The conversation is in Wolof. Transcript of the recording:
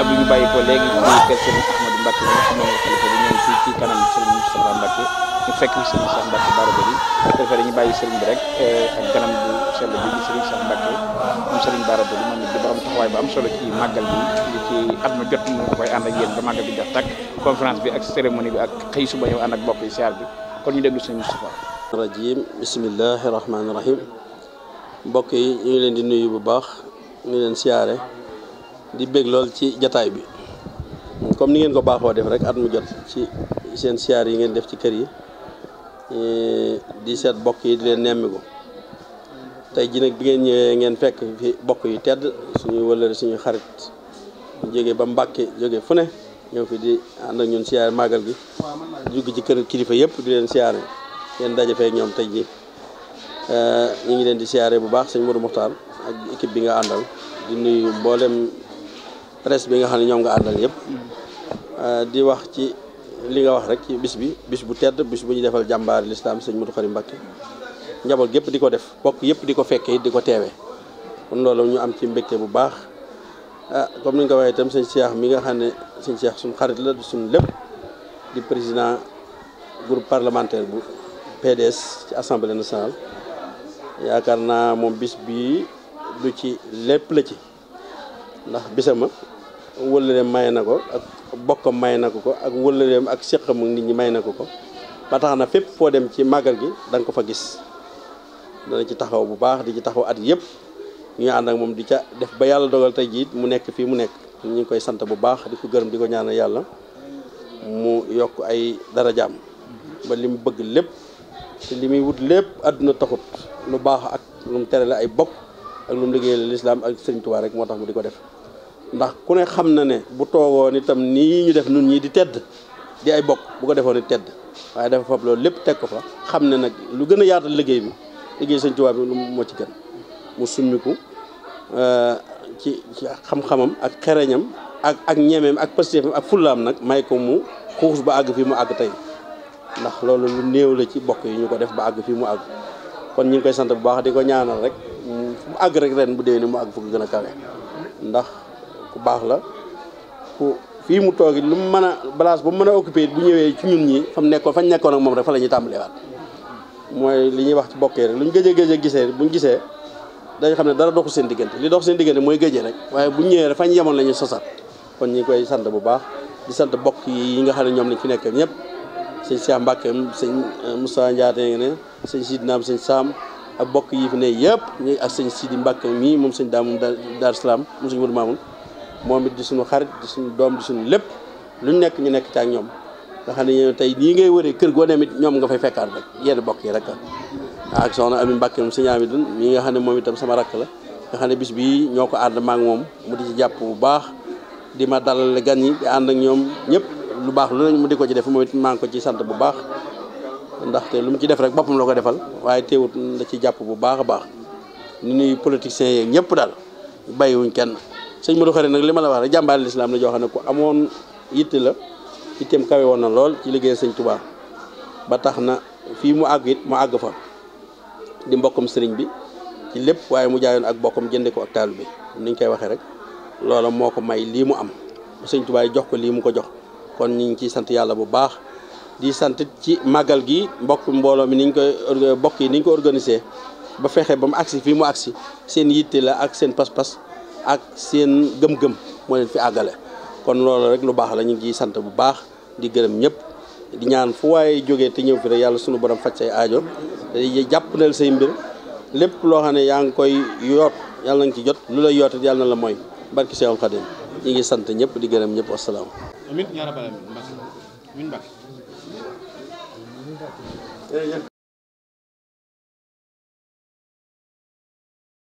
ginnaaw bi ñu bàyyi ko léegi ci kër Serigne Ahmadou Mbacke bi nga xam ne xalifa bi ñëw fii ci kanam Serigne Moustapha Mbacke ñu fekk fi Serigne Cheikh Mbacke Bara Dolly su ko defee dañu bàyyi Serigne bi rek eh, ak kanam bu sell bi di Serigne Cheikh Mbacke moom Serigne Bara Dolly moom it di borom taxawaay bu am solo ci màggal bi ci at ma jot mu koy ànd ak yéen ba màggal bi jox tàkk conférence bi ak cérémonie bi ak xëy suba ñëw ànd ak bokk yi siyaar bi kon ñu déglu Serigne Moustapha rajim bismillahi rahmaani rahim mbokk yi ñu ngi leen di nuyu bu baax ñu leen siyaare di bég lool ci jataay bi comme ni ngeen ko baaxoo def rek at mu jot ci seen siyaar yi ngeen def ci kër yi eh, di seet bokk yi di leen nemmiku tey ji nag bi ngeen ñëwee ngeen fekk fi bokk yi tedd suñu wëllëre suñu xarit ñu jóge ba Mbàkke jóge fu ne ñëw fi di ànd ñun siyaar màggal gi jugg ci kër kilifa yëpp di leen siyaare ngeen daje fee ñoom tey ji eh, ñu ngi leen di siyaare bu baax sëñ Modou Mokhtar ak équipe bi nga àndal di nuyu mboolem presse bi nga xam ne ñoom nga àndal yëpp euh, di wax ci li nga wax rek ci bis bi bis bu tedd bis bu ñu defal jàmbaar lislaam sëñ Modou Khary Mbacké njaboot gépp di ko def bokk yëpp di ko fekkee di ko teewee kon loolu ñu am ci mbégte bu baax ah comme ni nga ko waxee itam sëñ Cheikh mi nga xam ne Cheikh suñ xarit la suñ lépp di président groupe parlementaire bu PDS ci assemblée nationale yaakaar naa moom bis bii du ci lépp la ci ndax bisama wëllëreem may na ko ak bokkam may na ko ko ak wëllëreem ak séqam nit ñi may na ko ko ba tax na dem ci magal gi da ko fa gis dana ci taxaw bu baax di ci taxaw at yëpp ñu ànd ak di ca def ba dogal tey jii mu nekk fi mu nekk ñu ngi koy sant bu baax di ko gërëm di ko ñaanal yalla mu yok ay darajaam ba li mu bëgg lépp te li muy wut lépp àdduna taxut lu baax ak lu mu ay bokk ak lu mu liggéeyal lislaam ak sëriñ Tuubaa rek moo tax mu di ko def ndax ku ne xam na ne bu toogoon itam nii ñu def nun ñii di tedd di ay bokk bu ko defoon it tedd waaye dafa fab loolu lépp teg ko fa xam ne nag lu gën a yaatal liggéey bi liggéey sëriñ Tuubaa bi lu moo ci gën mu summiku euh, ci ci xam-xamam ak xereñam ak ak ñemeem ak pastéefam ak fullaam nag may ko mu xuus ba àgg fi mu àgg tey ndax loolu lu néew la ci bokk yi ñu ko def ba àgg fii mu àgg kon ñu koy sant bu baax di ko ñaanal rek mu hmm, àgg rek ren bu déwénee mu àgg fu ko gën ndax ku baax la ku fii mu toog lu mu mën a place bu mu mën a occupé bu ñëwee ci ñun ñi fa mu nekkoon fañ nekkoon ak moom rek fa la ñuy tàmbaleewaat mooy li ñuy wax ci bokkee rek luñ gëj a gëj a gisee buñ gisee dañ xam ne dara doxu seen diggante li dox seen diggante mooy gëjee rek waaye buñ ñëwee rek fañ yemoon sosat kon ñu koy sant bu baax di sant bokk yi nga xam ne ñoom fi nekk ñëpp sëñ Cheikh Mbacke sëñ Moussa Ndiaye ne sëñ Sidnaam sëñ Sam ak bokk yi fi ne yëpp ñu ak sëñ Sidi Mbàkke mii moom sëñ Daamu Daaru Salaam moom sëñ Modou Mamoun moom it di suñu xarit di suñu doom di suñu lépp lu nekk ñu nekk ci ak ñoom nga xam ne yéen tey nii ngay wëree kër goo demit ñoom nga fay at rek yenn bokk yi rek ak soxna Ami Mbàkke moom sëñ Amidou mii nga xam ne moom itam sama rakk la nga xam ne bis bii ñoo ko ànd ma moom mu di ci jàpp bu baax di ma dalal gan yi di ànd ak ñoom ñëpp lu baax lu ne mu di ko ci def moom it ngi ko ci sant bu baax ndaxte lu mu ci def rek boppam la ko defal waaye teewut da ci jàpp bu baax a baax nu nuy politiciens yeeg ñëpp daal bàyyiwuñ kenn sëñ Modou Khari nag li ma la wax rek jàmbaari lislaam la joo xam ne ku amoon yitte la yitteem kawe woon na lool ci liggéey sëñ ba tax na fii mu àgg mu àgg di mbokkam sëriñ bi ci lépp waaye mu jaayoon ak bokkam jënde ko ak taalu bi ni koy waxee rek loola moo ko may lii mu am sëñ Touba jox ko lii mu ko jox kon ñu ngi sant yàlla bu baax di sant ci màggal gi mbokk mbooloo mi ni niñ koy mbokk yi niñ ko organisé ba fexe ba mu agsi fii mu agsi seen yitte la ak seen pas-pas ak seen gëm-gëm moo leen fi àggale kon loolu rek lu baax la ñu ngi sant bu baax di gërëm ñëpp di ñaan fu waaye jógee te ñëw fi rek yàlla sunu borom faj say aajo jàppandal say mbir lépp loo xam ne yaa ngi koy yoot yàlla nañ ci jot lu la yootit yàlla na la mooy barki Seexul Xadim ñu ngi sant ñëpp di gërëm ñëpp wasalaam. Yeah, yeah.